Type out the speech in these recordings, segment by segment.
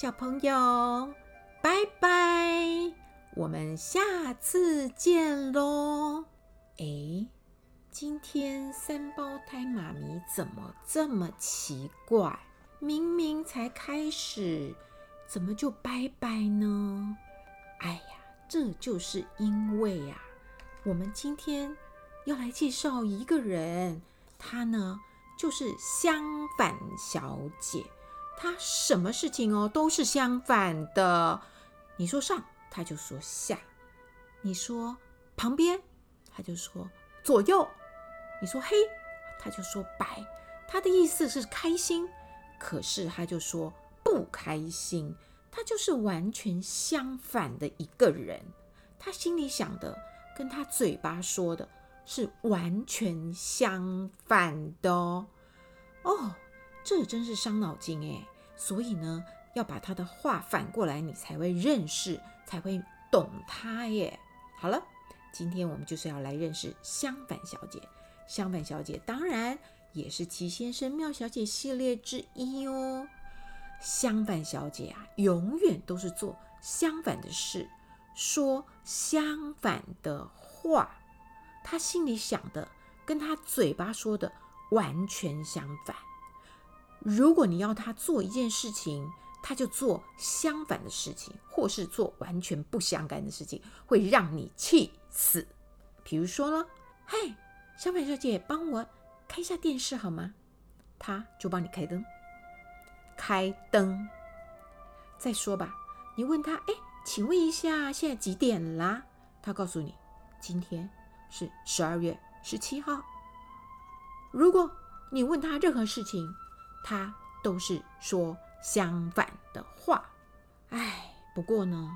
小朋友，拜拜！我們下次見嘍。哎，今天三胞胎媽咪怎麼這麼奇怪？明明才開始，怎麼就拜拜呢？哎呀，這就是因為呀、啊，我們今天要來介紹一個人，她呢，就是相反小姐。他什麼事情哦都是相反的，你說上，他就說下；你說旁邊，他就說左右；你說黑，他就說白。他的意思是開心，可是他就說不開心。他就是完全相反的一個人，他心裡想的跟他嘴巴說的是完全相反的哦。哦。這真是傷腦筋誒，所以呢，要把她的話反過來，你才會認識，才會懂她耶。好了，今天我們就是要來認識相反小姐。相反小姐當然也是奇先生妙小姐系列之一哦。相反小姐啊，永遠都是做相反的事，說相反的話，她心裡想的跟她嘴巴說的完全相反。如果你要他做一件事情，他就做相反的事情，或是做完全不相干的事情，會讓你氣死。比如說呢，嘿，相反小姐，幫我開一下電視好嗎？他就幫你開燈，開燈。再說吧，你問他，哎，請問一下，現在幾點啦？他告訴你，今天是十二月十七號。如果你問他任何事情，他都是說相反的話，唉，不過呢，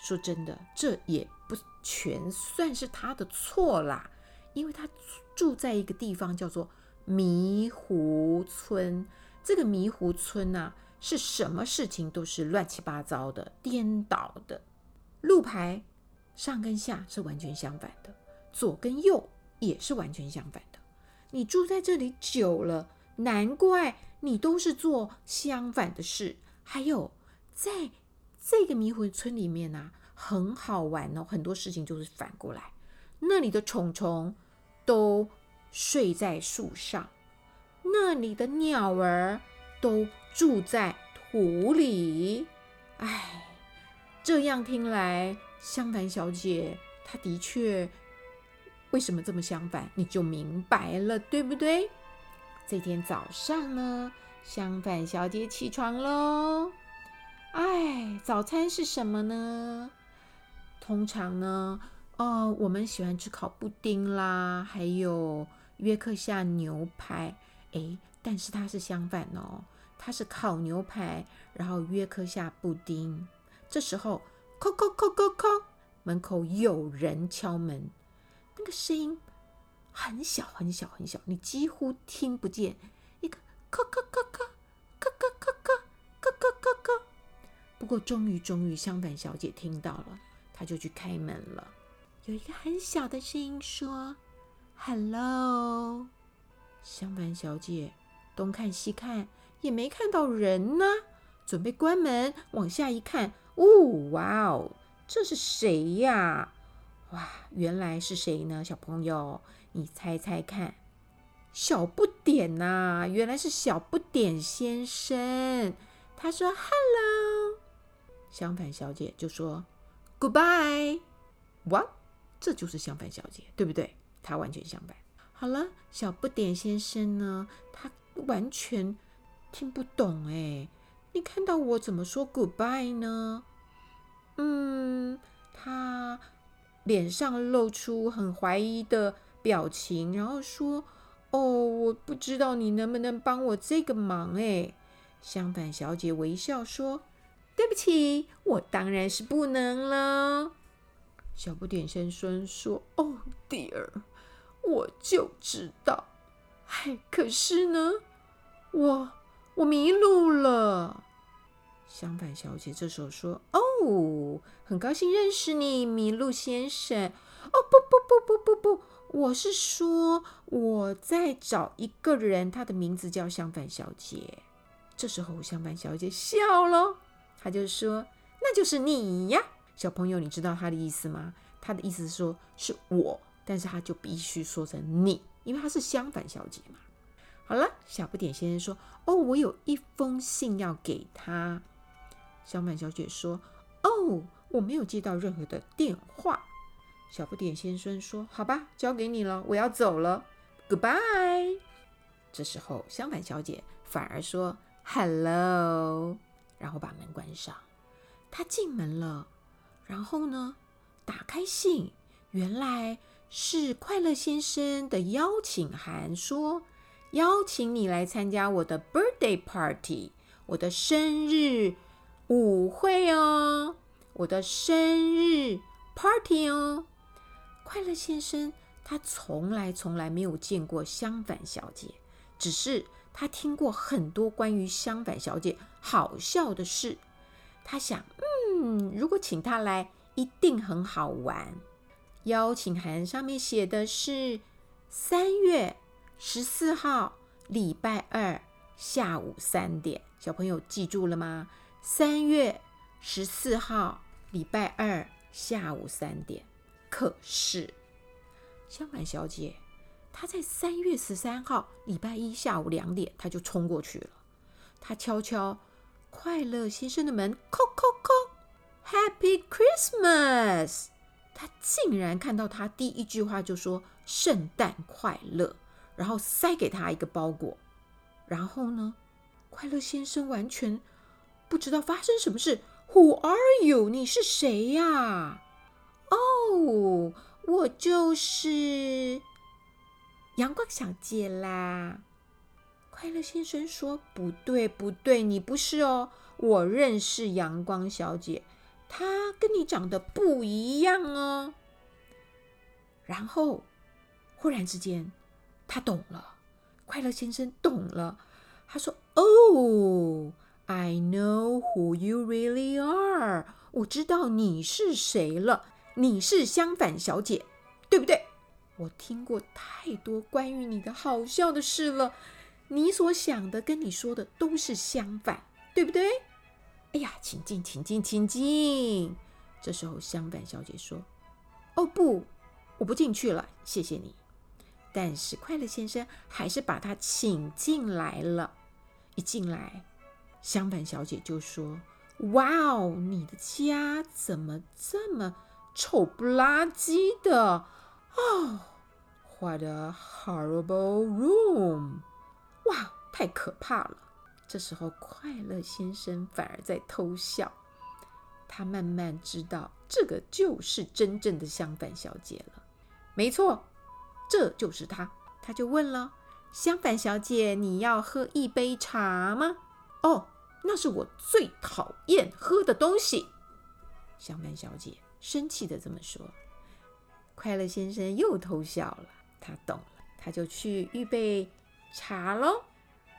說真的，這也不全算是他的錯啦，因為他住在一個地方叫做迷糊村，這個迷糊村呢、啊，是什麼事情都是亂七八糟的、顛倒的，路牌上跟下是完全相反的，左跟右也是完全相反的。你住在這裡久了，難怪。你都是做相反的事。還有在這個迷糊村裡面吶、啊，很好玩哦。很多事情就是反過來，那裡的蟲蟲都睡在樹上，那裡的鳥兒都住在土裡。哎，這樣聽來，相反小姐她的確為什麼這麼相反，你就明白了，對不對？這天早上呢，相反小姐起床嘍。哎，早餐是什麼呢？通常呢，哦，我們喜歡吃烤布丁啦，還有約克夏牛排。哎，但是它是相反哦，它是烤牛排，然後約克夏布丁。這時候，叩叩叩叩叩，門口有人敲門，那個聲音。很小很小很小，你幾乎聽不見。一個咔咔咔咔咔咔咔咔咔咔，咔咔咔咔咔。不過終於終於，相反小姐聽到了，她就去開門了。有一個很小的聲音說：“Hello。”香 板樂小姐東看西看也沒看到人呢，準備關門，往下一看，哦哇哦，這是誰呀、啊？哇，原來是誰呢？小朋友，你猜猜看，小不點吶、啊，原來是小不點先生。他說 “Hello”，相反小姐就說 “Goodbye”。哇，這就是相反小姐，對不對？她完全相反。好了，小不點先生呢，他完全聽不懂哎。你看到我怎麼說 “Goodbye” 呢？臉上露出很懷疑的表情，然後說：“哦，我不知道你能不能幫我這個忙。”哎，相反小姐微笑說：“對不起，我當然是不能了。”小不點先生說：“哦，dear，我就知道。哎，可是呢，我我迷路了。”相反小姐這時候說：“哦。”哦，很高興認識你，麋鹿先生。哦，不不不不不不，我是說我在找一個人，他的名字叫相反小姐。這時候相反小姐笑了，她就說：“那就是你呀，小朋友，你知道他的意思嗎？”他的意思是說是我，但是他就必須說成你，因為他是相反小姐嘛。好了，小不點先生說：“哦，我有一封信要給他。”相反小姐說。不，我沒有接到任何的電話，小不點先生說：“好吧，交給你了，我要走了，goodbye。”這時候，相反小姐反而說：“hello”，然後把門關上。她進門了，然後呢，打開信，原來是快樂先生的邀請函說，說邀請你來參加我的 birthday party，我的生日舞會哦。我的生日 party 哦，快樂先生他從來從來沒有見過相反小姐，只是他聽過很多關於相反小姐好笑的事。他想，嗯，如果請她來，一定很好玩。邀請函上面寫的是三月十四號，禮拜二，下午三點。小朋友記住了嗎？三月。十四號禮拜二下午三點，可是相反小姐她在三月十三號禮拜一下午兩點，她就衝過去了。她敲敲快樂先生的門，叩叩叩，Happy Christmas！她竟然看到他第一句話就說聖誕快樂，然後塞給他一個包裹。然後呢，快樂先生完全不知道發生什麼事。Who are you？你是誰呀、啊？哦、oh，我就是陽光小姐啦。快樂先生說：“不對，不對，你不是哦。我認識陽光小姐，她跟你長得不一樣哦。”然後，忽然之間，他懂了。快樂先生懂了，他說：“哦。” I know who you really are。我知道你是誰了。你是相反小姐，對不對？我聽過太多關於你的好笑的事了。你所想的跟你說的都是相反，對不對？哎呀，請進，請進，請進。這時候，相反小姐說：“哦不，我不進去了，謝謝你。”但是快樂先生還是把她請進來了。一進來。相反小姐就說：“哇哦，你的家怎麼這麼醜不拉幾的？哦，what a horrible room，哇，太可怕了！”這時候，快樂先生反而在偷笑。他慢慢知道，這個就是真正的相反小姐了。沒錯，這就是她。他就問了：“相反小姐，你要喝一杯茶嗎？”哦，那是我最討厭喝的東西。相反小姐生氣地這麼說。快樂先生又偷笑了，他懂了，他就去預備茶嘍。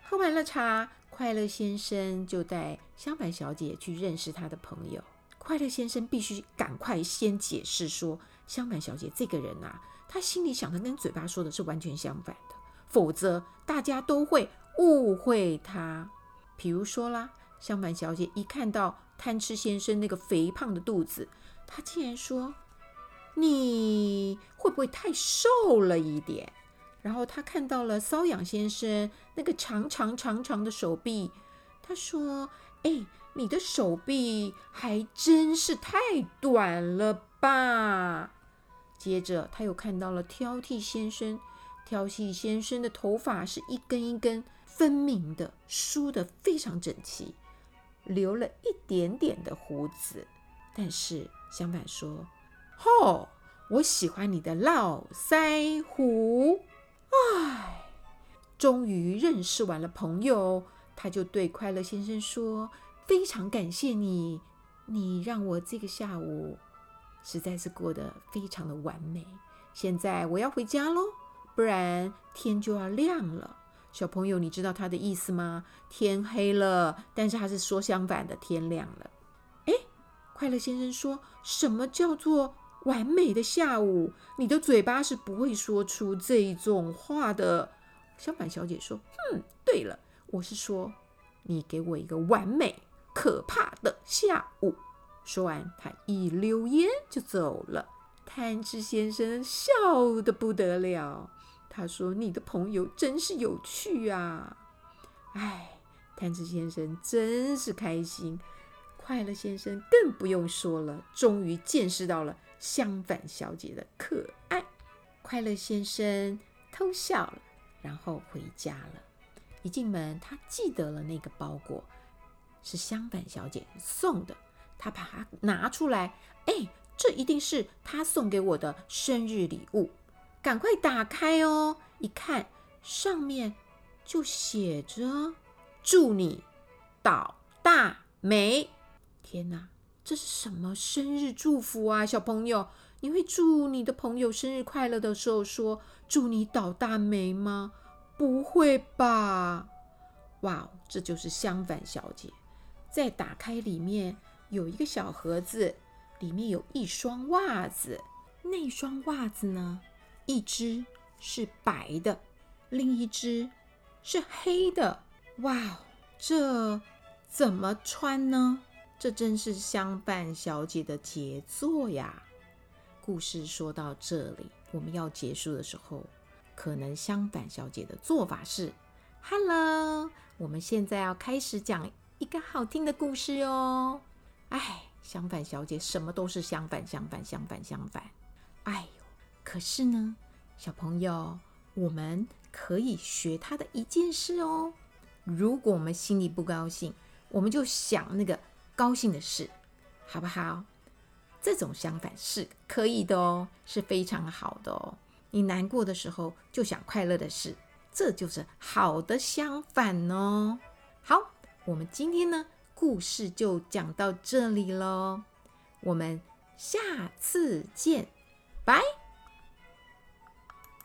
喝完了茶，快樂先生就帶相反小姐去認識他的朋友。快樂先生必須趕快先解釋說，相反小姐這個人啊，她心裡想的跟嘴巴說的是完全相反的，否則大家都會誤會她。比如說啦，相反小姐一看到貪吃先生那個肥胖的肚子，她竟然說：“你會不會太瘦了一點？”然後她看到了搔癢先生那個長長長長長的手臂，她說：“哎、欸，你的手臂還真是太短了吧？”接着她又看到了挑剔先生，挑剔先生的頭髮是一根一根。分明的，梳得非常整齊，留了一點點的鬍子。但是相反說，吼、哦，我喜歡你的絡腮鬍。哎，終於認識完了朋友，她就對快樂先生說：“非常感謝你，你讓我這個下午實在是過得非常的完美。現在我要回家嘍，不然天就要亮了。”小朋友，你知道他的意思嗎？天黑了，但是他是說相反的，天亮了。哎，快樂先生說，什麼叫做完美的下午？你的嘴巴是不會說出這種話的。相反小姐說：“哼、嗯，對了，我是說，你給我一個完美可怕的下午。”說完，他一溜煙就走了。貪吃先生笑得不得了。他說：“你的朋友真是有趣啊唉！”哎，貪吃先生真是開心，快樂先生更不用說了，終於見識到了相反小姐的可愛。快樂先生偷笑了，然後回家了。一進門，他記得了那個包裹是相反小姐送的，他把它拿出來。哎、欸，這一定是她送給我的生日禮物。趕快打開哦！一看上面就寫着“祝你倒大霉”。天哪，這是什麼生日祝福啊，小朋友？你會祝你的朋友生日快樂的時候說“祝你倒大霉”嗎？不會吧！哇，這就是相反小姐。再打開，裡面有一個小盒子，裡面有一雙襪子。那雙襪子呢？一隻是白的，另一隻是黑的。哇，wow，這怎麼穿呢？這真是相反小姐的傑作呀！故事說到這裡，我們要結束的時候，可能相反小姐的做法是：Hello，我們現在要開始講一個好聽的故事哦。哎，相反小姐什麼都是相反，相反，相反，相反，相反。哎。可是呢，小朋友，我們可以學他的一件事哦。如果我們心裡不高興，我們就想那個高興的事，好不好？這種相反是可以的哦，是非常好的哦。你難過的時候就想快樂的事，這就是好的相反哦。好，我們今天呢，故事就講到這裡嘍，我們下次見，拜。